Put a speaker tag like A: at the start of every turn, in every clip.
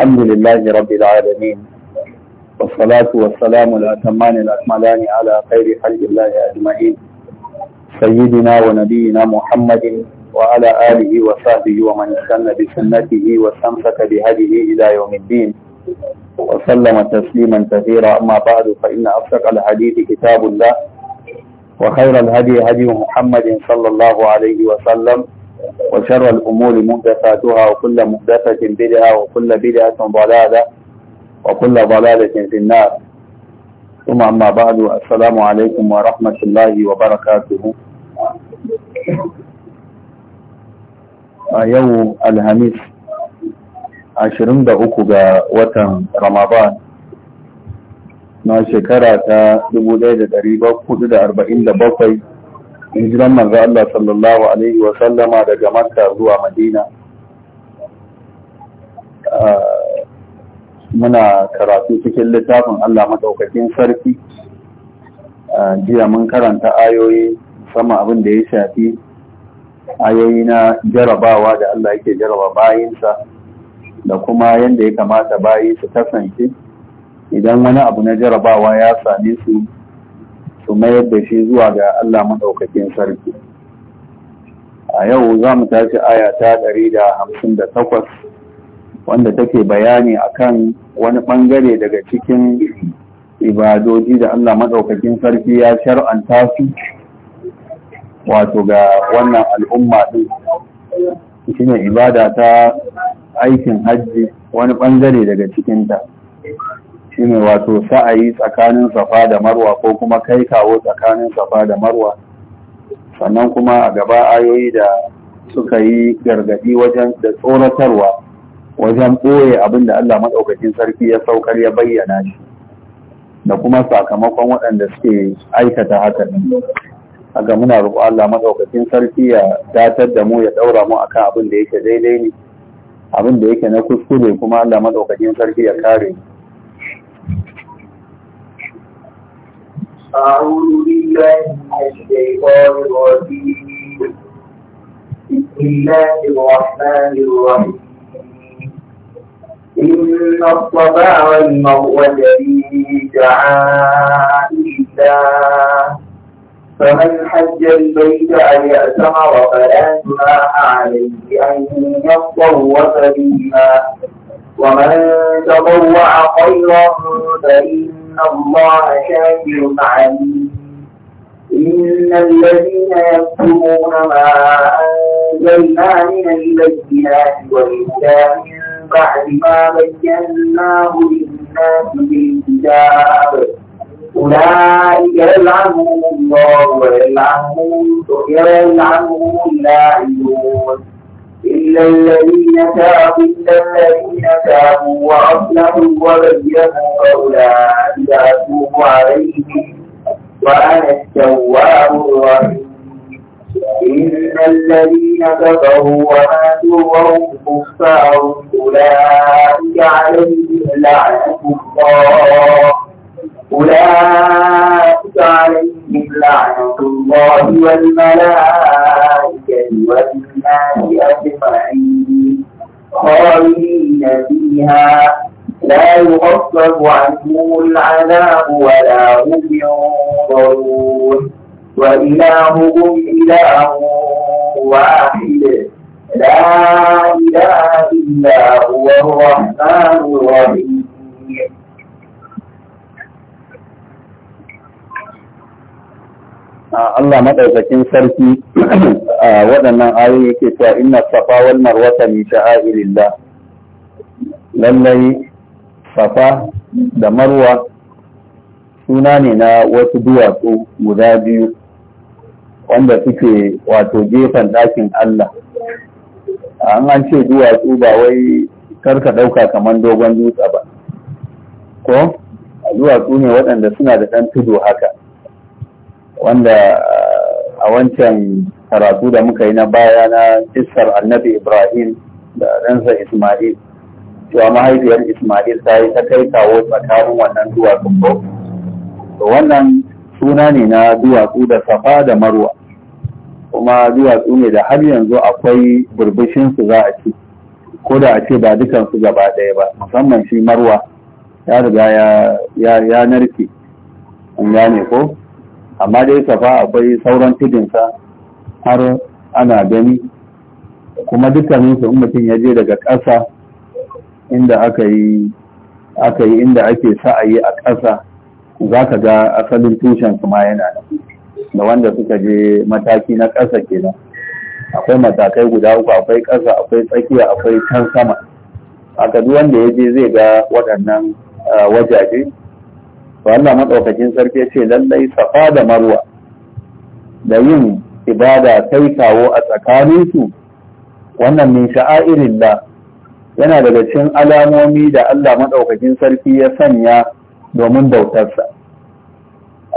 A: الحمد لله رب العالمين والصلاة والسلام الأتمان الأكملان على خير خلق الله أجمعين سيدنا ونبينا محمد وعلى آله وصحبه ومن استنى بسنته واستمسك بهديه إلى يوم الدين وسلم تسليما كثيرا أما بعد فإن أصدق الحديث كتاب الله وخير الهدي هدي محمد صلى الله عليه وسلم وشر الأمور محدثاتها وكل محدثة بدعة وكل بدعة ضلالة وكل ضلالة في النار ثم أما بعد السلام عليكم ورحمة الله وبركاته يوم الهميس عشرين دقوق وطن رمضان na shekara ta 1447 hijiran manzo Allah sallallahu alaihi wa sallama daga Makka zuwa Madina ah, muna karatu cikin littafin Allah madaukakin sarki ah, jiya mun karanta ayoyi sama abin da ya shafi ayoyi na jarabawa da Allah yake jaraba bayinsa da kuma yadda ya kamata bayi su kasance idan wani abu na jarabawa ya same su su mayar da shi zuwa ga Allah maɗaukakin sarki a yau za mu tashi aya ta ɗari da hamsin da takwas wanda take bayani akan wani ɓangare daga cikin ibadoji da Allah maɗaukakin sarki ya shar'anta su wato ga wannan al'umma
B: ɗin
A: ne ibada ta aikin hajji wani ɓangare daga cikinta. shine wato sa'ayi tsakanin safa da marwa ko kuma kai kawo tsakanin safa da marwa sannan kuma a gaba ayoyi da suka yi gargadi wajen da tsoratarwa wajen ɓoye abin da Allah maɗaukakin sarki ya saukar ya bayyana shi da kuma sakamakon waɗanda suke aikata haka ne haka muna roƙo Allah maɗaukakin sarki ya datar da mu ya ɗaura mu akan abin da yake daidai ne abin da yake na kuskure kuma Allah maɗaukakin sarki ya kare mu
B: أعوذ بالله من الشيطان الرجيم بسم الله الرحمن الرحيم إن الصبا والمرء الذي شعائر الله فمن حج البيت أن يأتمر فلا جناح عليه أن يطوف بهما ومن تطوع خيرا فإن إن الله شاكر عليم إن الذين يكتمون ما أنزلنا من البينات والهدى من بعد ما بيناه للناس بالكتاب أولئك يلعنهم الله ويلعنهم ويلعنهم اللاعبون إلا الذين تابوا إلا الذين تابوا وأصلحوا وبينوا فأولئك أتوب عليهم وأنا التواب الرحيم إن الذين كفروا وماتوا وهم كفار أولئك عليهم لعنة الله أولئك عليهم لعنة الله والملائكة والناس أجمعين خالدين فيها لا يخفف عنهم العذاب ولا هم ينظرون وإلهكم إله واحد لا إله إلا هو الرحمن الرحيم
A: Allah maɗaukakin sarki A waɗannan ayoyi yake cewa inna safa wal marwata min sha'airillah lallai safa da marwa suna ne na wasu duwatsu guda biyu wanda suke wato gefen ɗakin Allah an an ce duwatsu ba wai karka ɗauka kamar dogon dutse ba ko duwatsu ne waɗanda suna da ɗan tudu haka wanda a wancan karatu da muka yi na baya na kissar annabi ibrahim da ɗansa ismail cewa mahaifiyar ismail ta yi ta kai kawo tsakanin wannan duwatsun ko to wannan suna ne na duwatsu da safa da marwa kuma duwatsu ne da har yanzu akwai su za a ce ko da a ce ba dukansu gaba ɗaya ba musamman shi marwa ya riga ya narke an gane ko amma dai safa akwai sauran tudinsa har ana gani kuma dukkaninsu su mutum ya je daga ƙasa inda aka yi aka yi inda ake sa'ayi a ƙasa za ka ga asalin tushen su ma yana nan da wanda suka je mataki na ƙasa kenan akwai matakai guda uku akwai ƙasa akwai tsakiya akwai can sama A duk wanda ya je zai ga waɗannan ah, wajaje to Allah maɗaukakin sarki ya ce lallai safa da marwa da yin ibada kai kawo a tsakanin su wannan min la yana daga cikin alamomi da Allah maɗaukakin sarki ya sanya domin bautarsa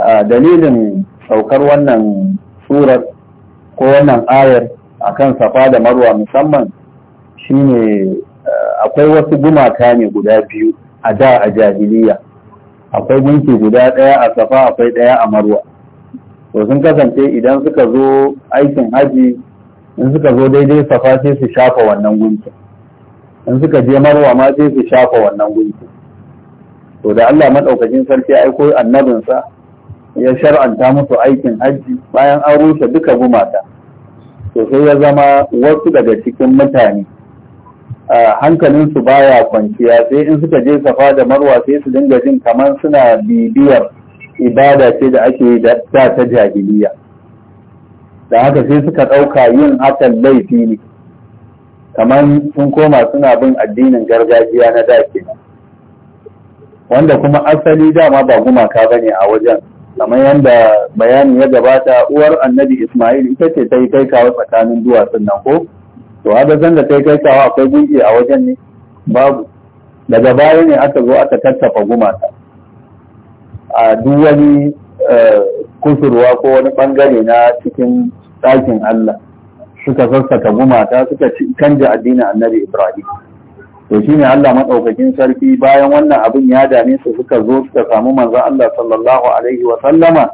A: a dalilin saukar wannan surar ko wannan ayar akan safa da marwa musamman shine eh, akwai wasu gumaka ne guda biyu a da a jahiliya akwai gunki guda ɗaya a safa akwai ɗaya a marwa to sun kasance idan suka zo aikin haji in suka zo daidai safa sai su shafa wannan gunki in suka je marwa ma sai su shafa wannan gunki to da Allah madaukakin sarki aiko annabinsa ya shar'anta musu aikin haji bayan an rushe duka gumata to sai ya zama wasu daga cikin mutane hankalinsu baya kwanciya sai in suka je safa da marwa sai su dinga jin kamar suna bibiyar ibada ce da ake yi da ta jahiliya da haka sai suka ɗauka yin hakan laifi ne kamar sun koma suna bin addinin gargajiya na da wanda kuma asali dama ba gumaka bane a wajen kamar yadda bayani ya gabata uwar annabi ismail ita ce ta yi kai kawo tsakanin duwatsun nan ko to adadin da kai kai kawo akwai gunki a wajen ne babu daga baya ne aka zo aka tattafa gumata a duk wani eh, kusurwa ko wani bangare na cikin ɗakin Allah suka sassaka gumata suka canja addinin annabi Ibrahim to shine Allah madaukakin sarki bayan wannan abin ya dame su suka zo suka samu manzon Allah sallallahu alaihi wa sallama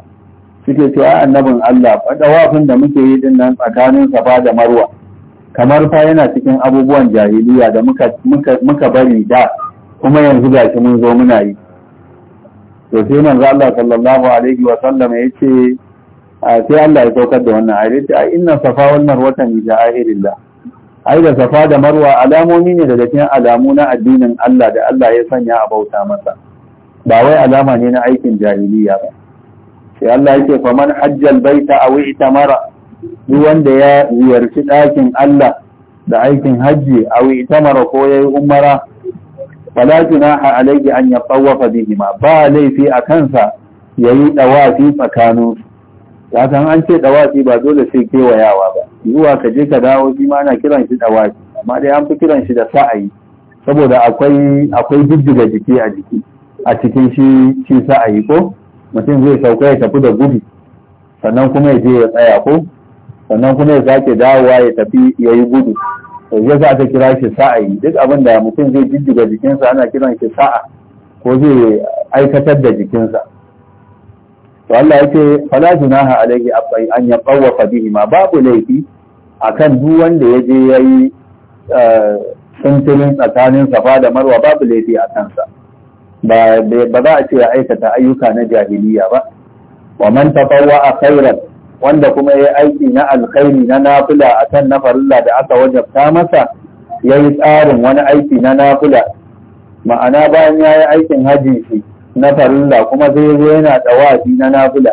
A: suke cewa annabin Allah fadawafin da muke yi din nan tsakanin Safa da Marwa kamar fa yana cikin abubuwan jahiliya da muka muka muka bari da kuma yanzu gashi mun zo muna yi to sai manzo Allah sallallahu alaihi wa sallam yace sai Allah ya saukar da wannan ayat a inna safa wal marwa min ja'irillah ai da safa da marwa alamomi ne daga cikin alamu na addinin Allah da Allah ya sanya a bauta masa ba wai alama ne na aikin jahiliya ba sai Allah yake faman hajjal baita aw itamara duk wanda ya ziyarci ɗakin Allah da aikin hajji aw itamara ko ya yi umara fala junaha alaiki an yatawafa bihima ba laifi a kansa ya yi ɗawafi tsakanin ya san an ce dawafi ba dole sai kewayawa ba zuwa ka je ka dawo shi ma ana kiran shi ɗawafi. amma dai an fi kiran shi da sa'ayi saboda akwai akwai jijjiga jiki a jiki a cikin shi shi sa'ayi ko mutum zai sauka ya tafi da gudu sannan kuma ya je ya tsaya ko sannan kuma ya sake dawowa ya tafi ya yi gudu to ya za ta kira shi sa'a yi. duk abin da mutum zai jijjiga jikinsa ana kiran shi sa'a ko zai aikatar da jikinsa to Allah ya ce fala junaha alaihi an ya tsawafa bihi ma babu laifi akan duk wanda ya je ya yi eh, tsakanin safa da marwa babu laifi a kansa ba za a ce ya aikata ayyuka na jahiliya ba wa man a khairan wanda kuma ya aiki na alkhairi na nafila a kan na farilla da aka wajabta masa ya yi tsarin wani aiki na nafila ma'ana bayan ya yi aikin haji shi na farilla kuma zai zo yana dawafi na nafila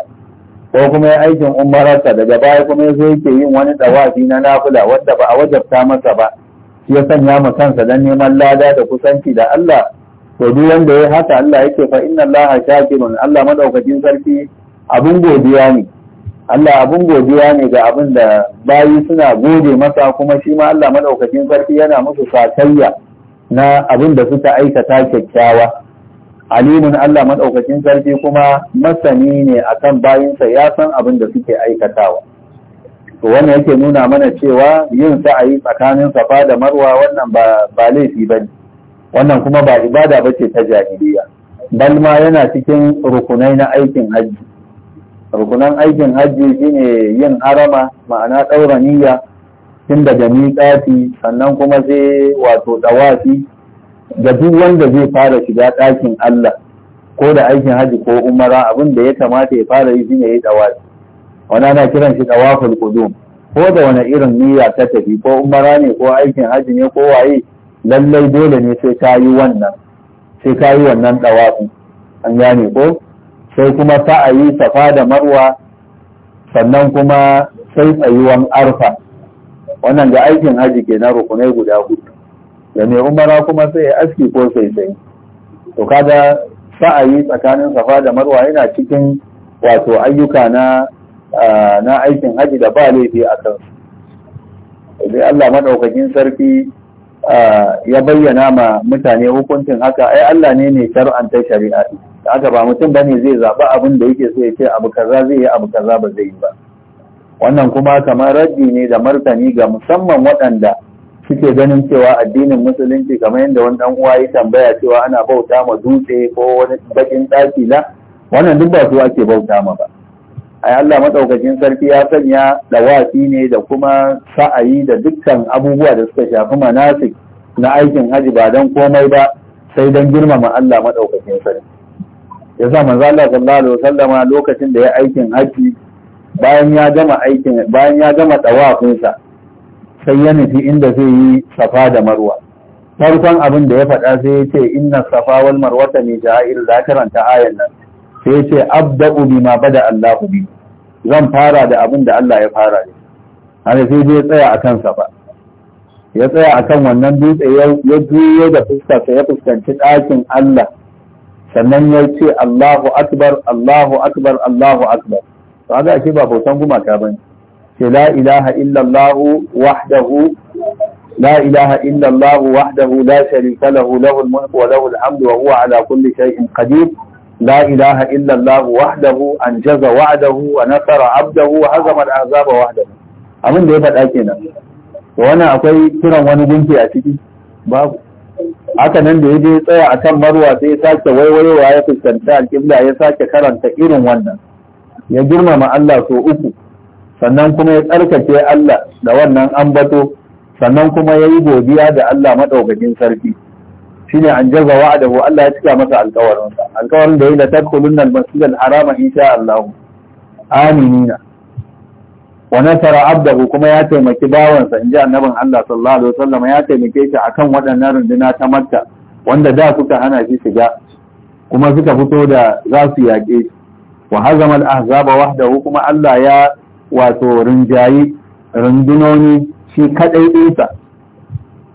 A: ko kuma ya aikin umararsa daga baya kuma ya zo yake yin wani tsawafi na nafila wanda ba a wajabta masa ba ya sanya ma kansa don neman lada da kusanci da Allah to duk wanda ya haka Allah yake fa inna Allah shakirun Allah madaukakin sarki abin godiya ne Allah abin godiya ne ga abin da bayi suna gode masa kuma shi ma Allah madaukakin sarki yana musu sakayya na abin da suka aikata kyakkyawa alimin Allah madaukakin sarki kuma masani ne akan bayinsa ya san abin da suke aikatawa to wannan yake nuna mana cewa yin sa'ayi tsakanin safa da marwa wannan ba ba laifi bane wannan kuma ba ibada bace ta jahiliya Balma yana cikin rukunai na aikin hajji rukunan aikin hajji shine yin harama ma'ana ɗaura niyya tun daga miƙafi sannan kuma sai wato ɗawafi ga duk wanda zai fara shiga ɗakin Allah ko da aikin hajji ko umara abin da ya kamata ya fara yi shine ya ɗawafi wani ana kiran shi ɗawaful kudu ko da wani irin niyya ta tafi ko umara ne ko aikin hajji ne ko waye lallai dole ne sai ka yi wannan sai ka an gane ko sai kuma yi safa da marwa sannan kuma sai tsayuwan arfa wannan ga aikin haji ke na rukunai guda hudu da mai umara kuma sai ya aski ko sai sai to a yi tsakanin safa da marwa yana cikin wato ayyuka na na aikin haji da ba laifi a kan sai Allah madaukakin sarki ya bayyana ma mutane hukuncin haka ai Allah ne ne shar'anta shari'a da aka ba mutum bane zai zaɓi abin da yake so ya ce abu kaza zai yi abu kaza ba zai yi ba wannan kuma kamar raddi ne da martani ga musamman waɗanda suke ganin cewa addinin musulunci kamar yadda wani dan uwa ya tambaya cewa ana bauta ma dutse ko wani bakin ɗaki la wannan duk ba su ake bauta ma ba ai Allah madaukakin sarki ya sanya dawafi ne da kuma sa'ayi da dukkan abubuwa da suka shafi manasik na aikin haji ba don komai ba sai don girmama Allah madaukakin sarki ya sa manzo Allah sallallahu alaihi wasallama lokacin da ya aikin haji bayan ya gama aikin bayan ya gama sai ya nufi inda zai yi safa da marwa farkon abin da ya faɗa sai ya ce inna safa wal marwata min ja'ir da karanta ayan nan sai ya ce abda'u bima bada Allahu bi zan fara da abin da Allah ya fara ne haka sai ya tsaya akan safa ya tsaya akan wannan dutse ya juyo da fuskarsa ya fuskanci ɗakin Allah sannan ya ce Allahu Akbar, Allahu Akbar, Allahu Akbar. To, ake ba bautan gumaka ba ne, ce la ilaha illallahu wahdahu, la ilaha illallahu wa ala kulli shay'in qadir la ilaha illallahu wahdahu anjaza wa'dahu wa nasara abdahu wa hazama wahdahu abin ya faɗa kenan wannan akwai kiran wani gunki a ciki haka nan da ya je tsaya akan marwa sai ya sake waiwayowa ya fuskanta alƙibla ya sake karanta irin wannan ya girmama Allah so uku sannan kuma ya tsarkake Allah da wannan ambato sannan kuma ya yi godiya da Allah maɗaukakin sarki shine an jaza wa'adahu Allah ya cika masa alƙawarinsa alƙawarin da ya la tadkhulunna al-masjid al-harama insha Allah aminina wa nasara abdahu kuma ya taimaki bawansa in ji annabin Allah sallallahu alaihi wasallam ya taimake shi akan waɗannan runduna ta Makka wanda da suka hana shi shiga kuma suka fito da za su yaƙe shi wa hazama al-ahzaba wahdahu kuma Allah ya wato rinjayi rundunoni shi kadai dinsa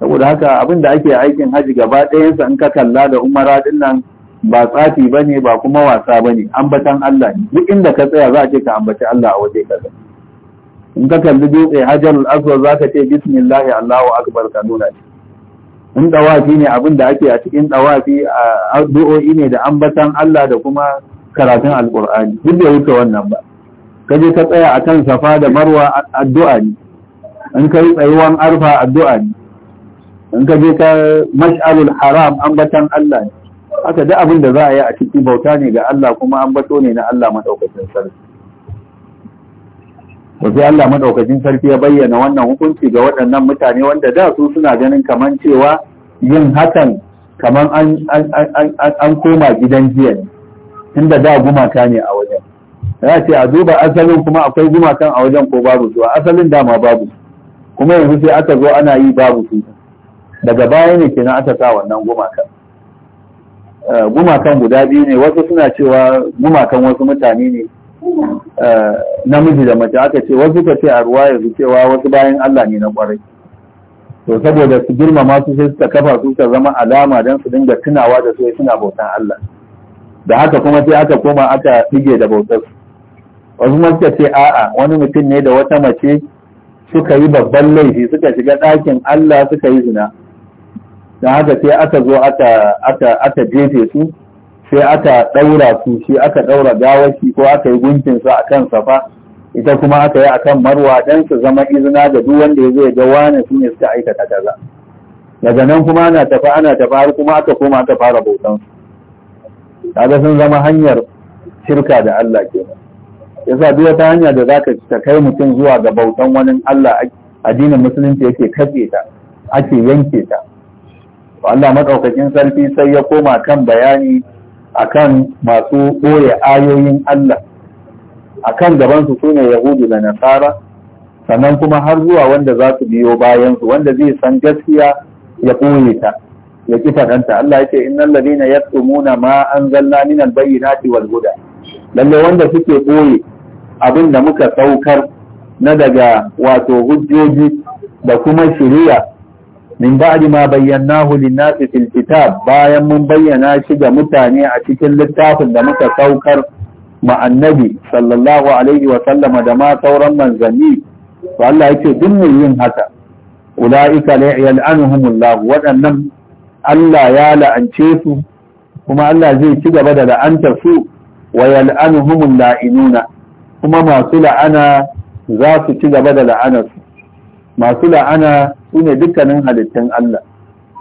A: saboda haka abin da ake aikin haji gaba ɗayansa in ka kalla da umara din nan ba tsafi bane ba kuma wasa bane ambatan Allah duk inda ka tsaya za a ce ka ambaci Allah a waje kaza in ka kalli dutse hajarul za ka ce bismillah allahu akbar ka nuna shi in dawafi ne abin da ake a cikin dawafi addu'o'i ne da ambatan Allah da kuma karatun alƙur'ani duk da wuce wannan ba ka je ka tsaya a kan safa da marwa addu'a ne in ka yi tsayuwan arfa addu'a ne in ka je ka mash'alul haram ambatan Allah ne haka duk abin da za a yi a ciki bauta ne ga Allah kuma ambato ne na Allah maɗaukacin sarki to sai Allah madaukakin sarki ya bayyana wannan hukunci ga waɗannan mutane wanda da su suna ganin kaman cewa yin hakan kaman an an koma gidan jiya ne inda da gumaka ne a wajen ya ce a duba asalin kuma akwai gumakan a wajen ko babu su asalin dama babu kuma yanzu sai aka zo ana yi babu su daga baya ne kenan aka sa wannan gumakan eh, gumakan guda biyu ne wasu suna cewa gumakan wasu mutane ne Eh, namiji da mace aka ce wasu ka ce a ruwa yanzu cewa wasu bayan Allah ne na kwarai to saboda su girmama masu sai suka kafa su ka zama alama don su dinga tunawa da su suna bautan Allah da haka kuma sai aka koma aka dige da bautar su wasu ma suka ce a'a wani mutum ne da wata mace suka yi babban laifi suka shiga ɗakin Allah suka yi zina da haka sai aka zo aka aka aka jefe su sai aka ɗaura su shi aka ɗaura gawaki ko aka yi gunkinsa a kan safa ita kuma aka yi a kan marwa dan su zama izina da duk wanda ya zai ga wani su ne suka aikata kaza daga nan kuma ana tafi ana tafa har kuma aka koma aka fara bautan kaga sun zama hanyar shirka da Allah kenan yasa duk wata hanya da zaka ta kai mutum zuwa ga bautan wani Allah addinin musulunci yake katse ta ake yanke ta Allah madaukakin sarki sai ya koma kan bayani akan masu ɓoye ayoyin Allah akan gabansu su ne yahudu da nasara sannan kuma har zuwa wanda za su biyo bayansu wanda zai san gaskiya ya ɓoye ta ya ƙi faɗanta Allah ya ce innal ladina yasumuna ma anzalna min albayyinati wal huda lalle wanda suke ɓoye abin da muka saukar na daga wato hujjoji da kuma shiriya min ba'di ma bayyanahu lin-nasi fil kitab bayan mun bayyana shi ga mutane a cikin littafin da muka saukar ma annabi sallallahu alaihi wa sallama da ma sauran manzanni to Allah yake duk mai yin haka ulaika la yal'anuhumullah waɗannan Allah ya la'ance su kuma Allah zai ci gaba da la'antar su wa yal'anuhumul la'inuna kuma masu la'ana za su ci gaba da la'anarsu masu la'ana su ne dukkanin halittun Allah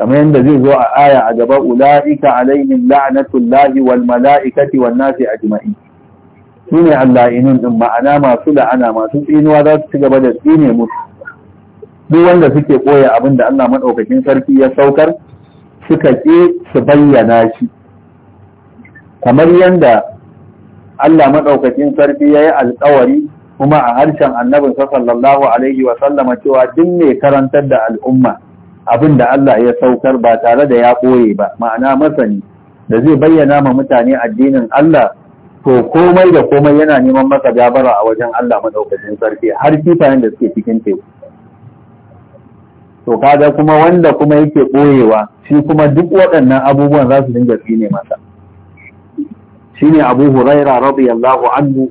A: kamar yadda zai zo a aya a gaba ula'ika alaihim la'natullahi wal mala'ikati wan nasi ajma'in su ne allahinin din ma'ana masu la'ana masu tsinuwa za su ci gaba da tsine musu duk wanda suke koya abin da Allah madaukakin sarki ya saukar suka ki su bayyana shi kamar yadda Allah madaukakin sarki ya yi alƙawari kuma a harshen annabin sallallahu alaihi wa sallama cewa duk mai karantar da al'umma abin da Allah ya saukar ba tare da ya koye ba ma'ana masani da zai bayyana ma mutane addinin Allah to komai da komai yana neman masa gabara a wajen Allah madaukakin sarki har kifayen da suke cikin teku to kaga kuma wanda kuma yake ɓoyewa shi kuma duk waɗannan abubuwan za su dinga tsine masa shine abu huraira radiyallahu anhu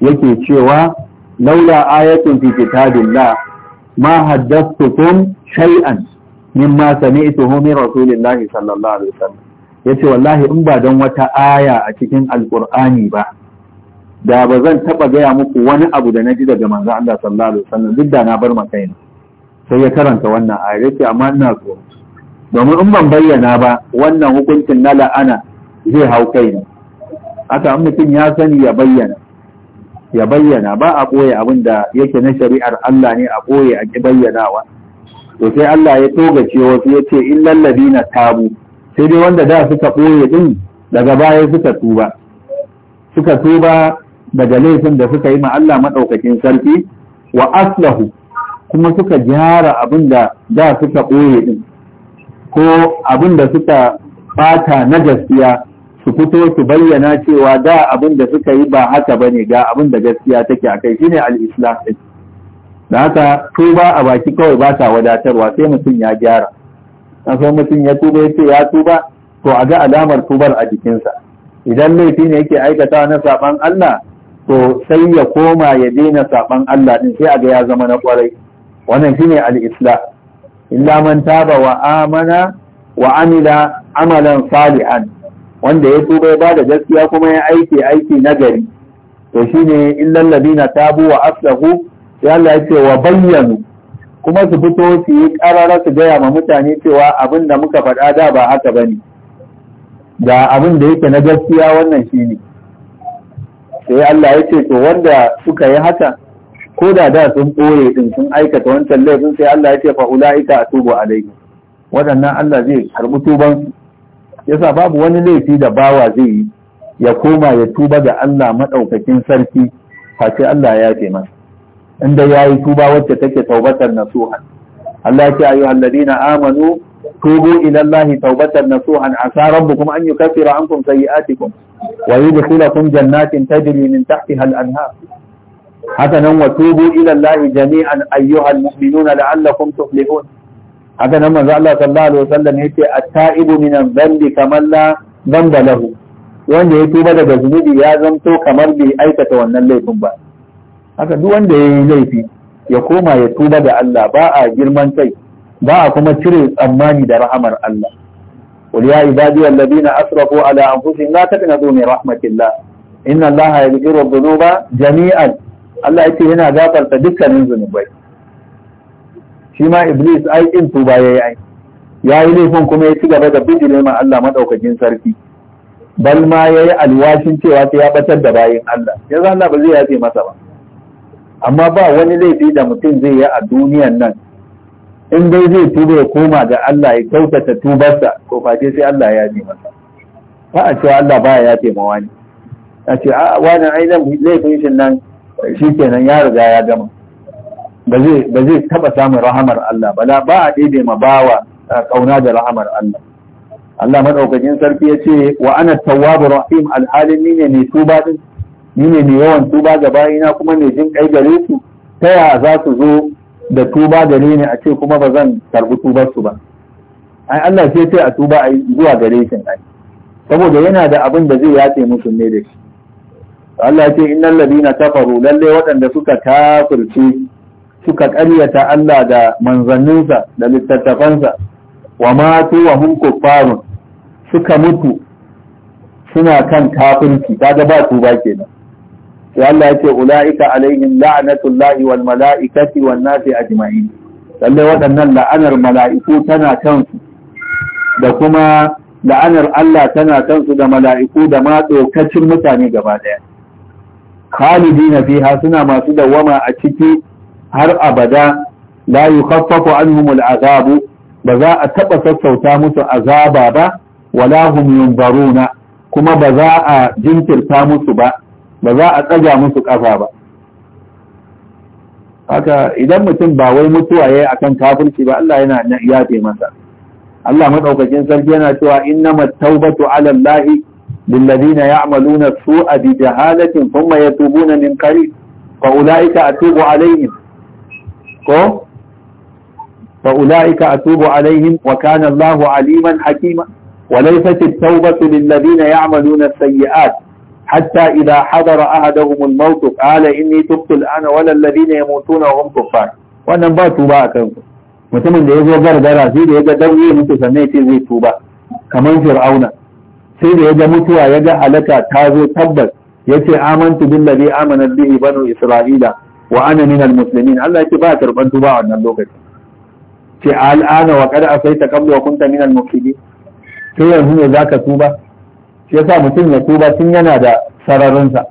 A: yake cewa laula ayatun fi kitabillah shai'an, haddathtukum shay'an mimma sami'tuhu min rasulillahi sallallahu alaihi wasallam yace wallahi in ba don wata aya a cikin Alƙur'ani ba da ba zan taba gaya muku wani abu da na ji daga manzo Allah sallallahu alaihi wasallam duk da na bar makaina sai ya karanta wannan aya yace amma ina so domin in ban bayyana ba wannan hukuncin na la'ana
B: zai hau kaina
A: haka in mutum ya sani ya bayyana ya bayyana ba a ɓoye abin da yake na shari'ar Allah ne a ɓoye a ƙi bayyanawa to sai Allah ya togace wasu ya ce in lallabi na tabu sai dai wanda da suka ɓoye ɗin daga baya suka tuba suka tuba daga laifin da suka yi ma Allah maɗaukakin sarki wa aslahu kuma suka gyara abin da da suka ɓoye ɗin ko abin da suka ɓata na gaskiya su fito su bayyana cewa da abin da suka yi ba haka ba ne ga abin da gaskiya take a kai shine al'islam ɗin da haka tuba a baki kawai ba ta wadatarwa sai mutum ya gyara so mutum ya tuba ya ce ya tuba to a ga alamar tubar a jikinsa idan laifi ne yake aikata na saban Allah to sai ya koma ya daina saban Allah din sai a ga ya zama na kwarai wannan shine Al'islam, illa man taba wa amana wa amila amalan salihan wanda ya tuba ya bada gaskiya kuma ya aiki aiki nagari to shine illal ladina tabu wa aslahu ya Allah ya ce wa bayyanu kuma su fito su yi karara su gaya ma mutane cewa abin da muka faɗa da ba haka bane da abin da yake na gaskiya wannan shine sai Allah ya ce to wanda suka yi haka ko da da sun ɓoye din sun aikata wancan laifin sai Allah ya ce fa ulaika atubu alaihi waɗannan Allah zai karbi tubansu yasa babu wani laifi da bawa zai yi ya koma ya tuba ga Allah maɗaukakin sarki face Allah ya ce masa inda ya yi tuba wacce take taubatar nasuhan Allah ya ce ayyuhal ladina amanu tubu ila Allah taubatar nasuhan asa rabbukum an yi an kun sayi atikun.
B: wa yudkhilakum
A: jannatin tajri min tahtiha al-anhar haka nan wa tubu ila Allah jami'an ayyuhal mu'minuna la'allakum tuflihun haka nan manzo Allah sallallahu alaihi wasallam yace at-ta'ibu min adh-dhanbi kaman la dhanba lahu wanda ya tuba daga zunubi ya zanto kamar bai aikata wannan laifin ba haka duk wanda ya yi laifi ya koma ya tuba ga Allah ba a girman kai ba a kuma cire tsammani da rahamar Allah قل يا عبادي الذين أسرفوا على أنفسهم لا تقنطوا من رحمة الله إن الله يغفر الذنوب جميعا Allah ya ce yana gafarta dukkanin zunubai shi ma iblis ai in tuba yayi ai yayi laifin kuma ya ci gaba da bijire ma Allah madaukakin sarki bal ma yayi alwashin cewa sai ya batar da bayin Allah yanzu Allah ba zai yafe masa ba amma ba wani laifi da mutum zai yi a duniyan nan in dai zai tuba ya koma ga Allah ya kyautata tubarsa ko face sai Allah ya yafe masa ba a cewa Allah baya yafe ma wani a ce a wani ai laifin shi nan shi kenan ya riga ya gama ba zai taba samun rahamar Allah ba ba a daidai ma bawa kauna da rahamar Allah Allah madaukakin sarki ya ce wa ana tawwabu rahim alhalin ne mai tuba din ni ne mai yawan tuba ga bayina kuma mai jin kai gare su ta ya za su zo da tuba gare ni a ce kuma ba zan karbi tubar su ba ai Allah sai ce a tuba ai zuwa gare shi ai saboda yana da abin da zai yace musu ne da shi Allah ya ce innal ladina kafaru lalle waɗanda suka kafirce suka ƙaryata Allah da manzanninsa da littattafansa wa matu wa hum kuffarun suka mutu suna kan kafirci kaga ba tuba kenan sai Allah yake ulaika alaihim la'natullahi wal mala'ikati wan nasi ajma'in lalle waɗannan la'anar mala'iku tana kansu da kuma la'anar Allah tana kansu da mala'iku da ma tsokacin mutane gaba ɗaya khalidina fiha suna masu dawama a ciki har abada la yukaffafu anhum azabu ba za a taɓa sassauta musu azaba ba wala hum yunzaruna kuma ba za a jinkirta musu ba ba za a tsaga musu ƙafa ba haka idan mutum ba wai mutuwa yayi akan kafirci ba Allah yana yafe masa Allah madaukakin sarki yana cewa innamat tawbatu ala Allah للذين يعملون السوء بجهالة ثم يتوبون من قريب فأولئك أتوب عليهم ko fa ulaika atubu alaihim wa wakanallahu aliman hakima وليست التوبة للذين يعملون السيئات حتى إذا حضر أحدهم الموت قال إني تبت الآن ولا الذين يموتون وهم كفار wannan ba tuba a kanku mutumin da ya zo gargara sai da ya ga dauye mutu sannan ce zai tuba kamar fir'auna sai da ya ga mutuwa ya ga halaka ta zo tabbas ya ce amantu billazi amana banu isra'ila wa ana min almuslimin Allah yake ba karban tuba a wannan lokaci ce al'ana wa qad asaita qabla wa kunta min almufsidin sai yanzu ne zaka tuba shi yasa mutum ya tuba tun yana da sararin sa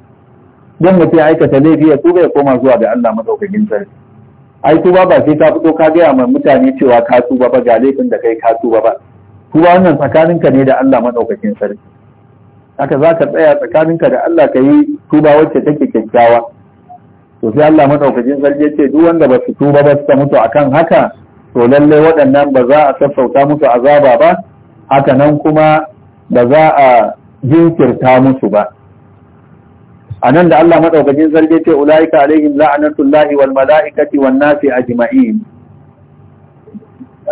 A: dan mutum ya aikata laifi ya tuba ya koma zuwa ga Allah madaukakin sarki ai tuba ba sai ka fito ka gaya ma mutane cewa ka tuba ba ga laifin da kai ka tuba ba tuba wannan tsakaninka ne da Allah madaukakin sarki haka za ka tsaya tsakaninka da Allah ka yi tuba wacce take kyakkyawa to sai Allah madaukakin sarki yace duk wanda ba su tuba ba su mutu akan haka to lalle waɗannan ba za a sassauta musu azaba ba haka nan kuma ba za a jinkirta musu ba a nan da Allah madaukakin sarki yace ulaika alaihim la'anatullahi wal mala'ikati wan nasi ajma'in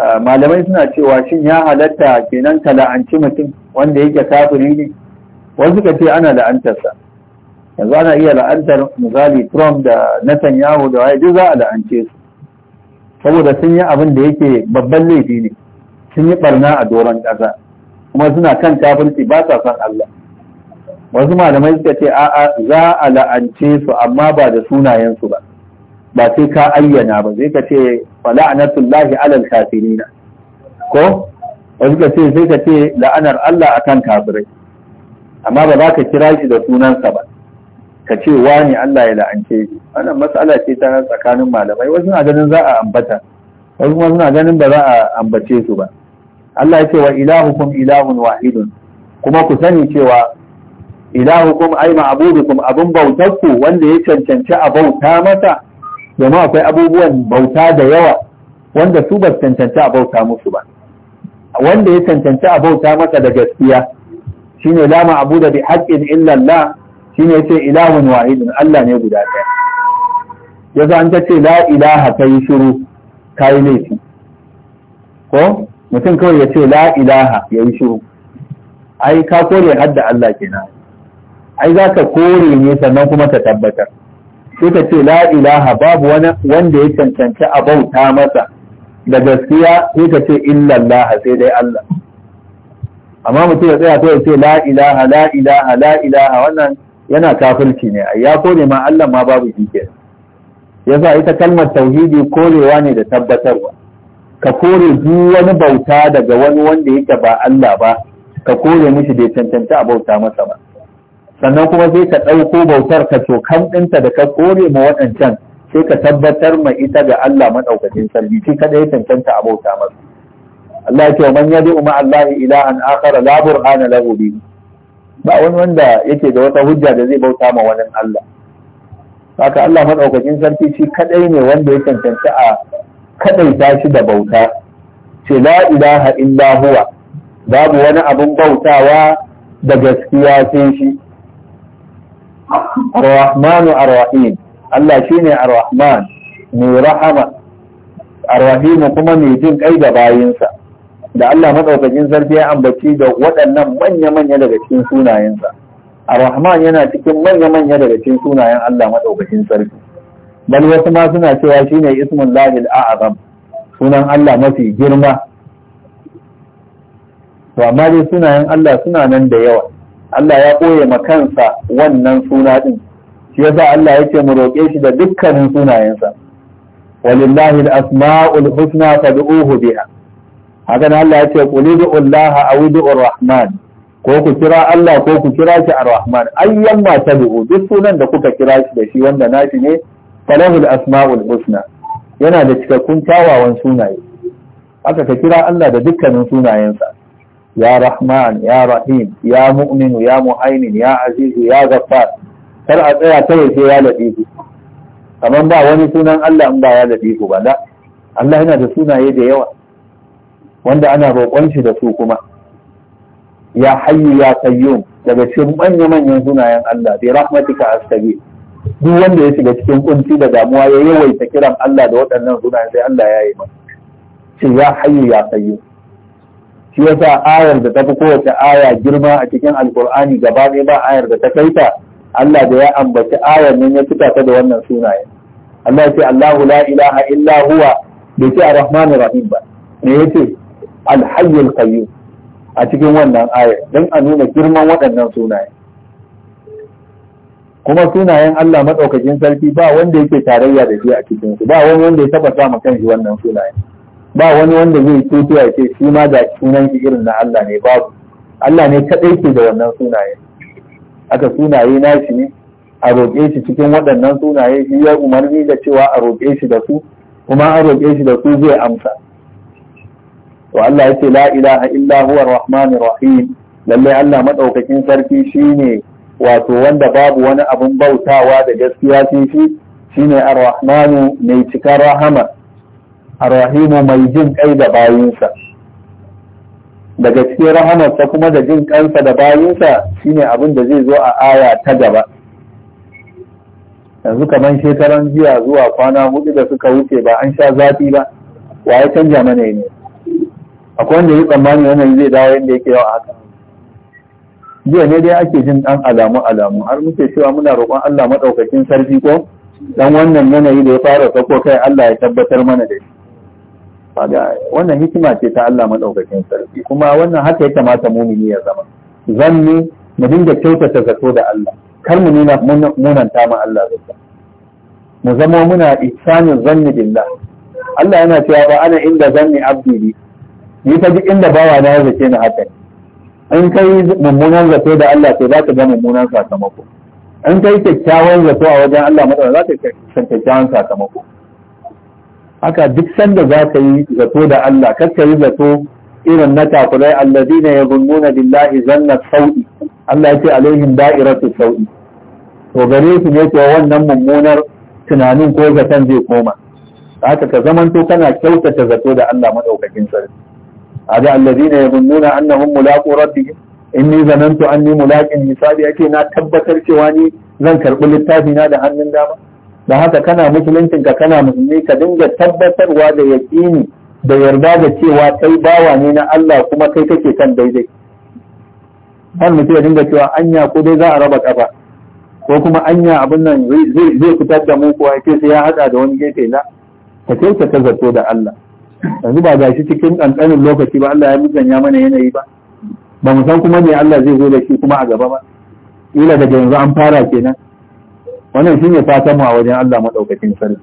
A: ah, malamai suna cewa shin ya halatta kenan ka la'anci mutum wanda yake kafiri ne wasu ka ce ana la'antarsa yanzu ana iya la'antar misali Trump da Netanyahu da waye duk za a la'ance su saboda sun yi abin da yake babban laifi ne sun yi barna a doron ƙasa kuma suna kan kafirci ba sa san Allah wasu malamai suka ce a'a za a la'ance su amma ba da sunayensu ba ba sai ka ayyana ba sai ka ce fa la'anatullahi alal kafirina ko wasu ka ce sai ka ce la'anar Allah akan kafirai amma ba za ka kira shi da sunansa ba ka ce wani Allah ya la'ance shi wannan matsala ce ta tsakanin malamai wasu na ganin za a ambata wasu kuma suna ganin ba za a ambace su ba Allah ya ce wa ilahukum ilahun wahidun kuma ku sani cewa ilahukum ai ma'budukum abun bautar ku wanda ya cancanci a bauta mata domin akwai abubuwan bauta da yawa wanda su ba cancanci a bauta musu ba wanda ya cancanci a bauta mata da gaskiya shine la ma'budu bi haqqin illa Allah Shi ne ce ilahun wahidun Allah ne guda ɗaya yanzu an ce la ilaha yi shiru yi laifi ko mutum kawai ya ce la ilaha ya yi shiru ai ka kore hadda Allah kenan ai za ka kore ne sannan kuma ka tabbatar sai ka ce la ilaha babu wani wanda ya cancanci a bauta masa da gaskiya sai ka ce illallah sai dai Allah amma mutum ya tsaya to ya ce la ilaha la ilaha la ilaha wannan yana kafirci ne ya kore ma Allah ma babu shi ke yasa ita kalmar tauhidi korewa ne da tabbatarwa ka kore duk wani bauta daga wani wanda yake ba Allah ba ka kore mishi bai cancanta a bauta masa ba sannan kuma sai ka ɗauko bautar ka cokan ɗinta da ka kore ma waɗancan sai ka tabbatar ma ita ga Allah maɗaukacin sarki shi kaɗai cancanta a bauta masa Allah ya ce man yad'u ma Allah ilahan akhar la burhana lahu bihi ba wani wanda yake da wata hujja da zai bauta ma wani Allah haka Allah madaukakin sarki shi kadai ne wanda ya cancanci a kadaita shi da bauta ce la ilaha illa huwa babu wani abun bautawa da gaskiya sai shi ar-rahmanu ar-rahim Allah shine ar-rahman mai rahama ar-rahim kuma mai jin ƙai da bayinsa da Allah madaukakin sarki ya ambaci da waɗannan manya-manya daga cikin sunayensa ar-rahman yana cikin manya-manya daga cikin sunayen Allah madaukakin sarki bal wasu ma suna cewa shine ismun lahil a'azam sunan Allah mafi girma to amma dai sunayen Allah suna nan da yawa Allah ya koye ma kansa wannan suna ɗin shi yasa Allah ya ce mu roƙe shi da dukkanin sunayensa walillahi al-asma'ul husna fad'uhu biha haka nan Allah ya ce qul Allah aw du'ur rahman ko ku kira Allah ko ku kira shi ar-rahman ayyan ma tad'u duk sunan da kuka kira shi da shi wanda nashi ne falahul asma'ul husna yana da cikakkun tawawan sunaye haka ka kira Allah da dukkanin sunayensa ya rahman ya rahim ya Muminu, ya muhaimin ya Azizu, ya ghaffar kar a tsaya kawai sai ya ladifu kamar ba wani sunan Allah in ba ya ladifu ba da Allah yana da sunaye da yawa wanda ana roƙon shi da su kuma ya hayyu ya qayyum daga cikin manya-manyan sunayen Allah bi rahmatika astaghfir duk wanda ya shiga cikin kunci da damuwa ya yawaita kiran Allah da waɗannan sunayen sai Allah ya yi masa ce ya hayyu ya qayyum shi yasa ayar da ta fi kowace aya girma a cikin alkur'ani gaba ɗaya ba ayar da ta kai ta Allah da ya ambaci ayar nan ya fita ta da wannan sunaye Allah ya ce Allahu la ilaha illa huwa bai ce ar-rahman rahim ba me yace alhayyul qayyum a cikin wannan aya don a nuna girman waɗannan sunaye kuma sunayen Allah maɗaukakin sarki ba wanda yake tarayya da shi a cikin su ba wani wanda ya taba sama kanshi wannan sunaye ba wani wanda zai tutu ya ce shi ma da sunan shi irin na Allah ne babu Allah ne kaɗai ke da wannan sunaye aka sunaye na shi ne a roƙe shi cikin waɗannan sunaye shi ya umarni da cewa a roƙe shi da su kuma a roƙe shi da su zai amsa to Allah ya ce la ilaha illa huwa rahim lalle Allah maɗaukakin sarki shine wato wanda babu wani abin bautawa da gaskiya sai shi shine ar-rahmanu mai cikar rahama ar-rahimu mai jin kai da bayinsa daga cikin rahamarsa kuma da jin kansa da bayinsa shine abin da zai zo a aya ta gaba yanzu kamar shekaran jiya zuwa kwana hudu da suka wuce ba an sha zafi ba wa ya canja mana ne akwai wanda ya tsammani yanayi zai dawo yadda yake a haka jiya ne dai ake jin dan alamu alamu har muke cewa muna roƙon Allah maɗaukakin sarki ko dan wannan yanayi da ya fara sako kai Allah ya tabbatar mana da shi kaga wannan hikima ce ta Allah maɗaukakin sarki kuma wannan haka ya kamata mumini ya zama zanni mu dinga kyautata zato da Allah kar mu nuna munanta ma Allah zata mu zama muna ihsanin zanni billah Allah yana cewa ba ana inda zanni abdi ni fa duk inda bawa na ya zace ni haka in kai mummunan zato da Allah sai za ka ga mummunan sakamako in kai kyakkyawan zato a wajen Allah madara za ka san kyakkyawan sakamako haka duk sanda za ka yi zato da Allah kar ka yi zato irin na takurai allazina yazunnuna billahi zanna sau'i Allah ya ce alaihim da'iratu sau'i to gare su ne cewa wannan mummunar tunanin ko zaton zai koma haka ka zamanto kana kyautata zato da Allah madaukakin sarki ada allazina yazunnuna annahum mulaqu rabbihim inni zanantu anni mulaqin misali ake na tabbatar cewa ni zan karbi littafi na da hannun dama da haka kana musuluncin ka kana musulmi ka dinga tabbatarwa da yaqini da yarda da cewa kai bawa ne na Allah kuma kai kake kan daidai har mutum ya dinga cewa anya ko dai za a raba kafa ko kuma anya abin nan zai fitar da mu kuwa sai ya hada da wani gefe na ka kyauta ka zato da Allah yanzu ba gashi cikin ƙanƙanin lokaci ba Allah ya ya mana yanayi ba ba mu san kuma me Allah zai zo da shi kuma a gaba ba ila daga yanzu an fara kenan wannan shine fatan mu a wajen Allah madaukakin sarki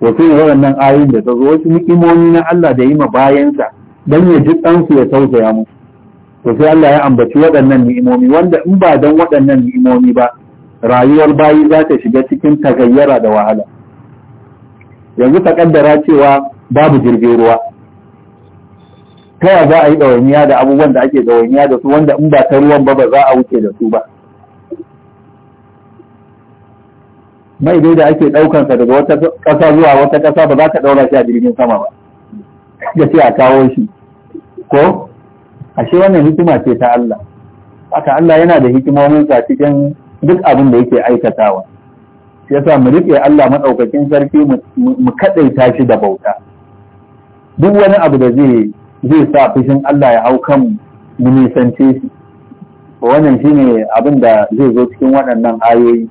A: to sai waɗannan ayoyin da ta zo wasu ni'imomi na Allah da yi ma bayansa dan ya ji ɗansu ya tausaya mu to sai Allah ya ambaci waɗannan ni'imomi wanda in ba dan waɗannan ni'imomi ba rayuwar bayi za ta shiga cikin tagayyara da wahala yanzu ta kaddara cewa babu jirgin ruwa ta yaya za a yi ɗawainiya da abubuwan da ake ɗawainiya da su wanda in ba ta ruwan ba ba za a wuce da su ba mai dai da ake ɗaukansa daga wata ƙasa zuwa wata ƙasa ba za ka ɗaura shi a jirgin sama ba ya ce a kawo shi ko ashe wannan hikima ce ta Allah haka Allah yana da sa cikin duk abin da yake aikatawa shi yasa mu riƙe Allah maɗaukakin sarki mu kaɗaita shi da bauta duk wani abu da zai zai sa fushin Allah ya hau kan mu nisance shi wannan shine abin da zai zo cikin waɗannan ayoyi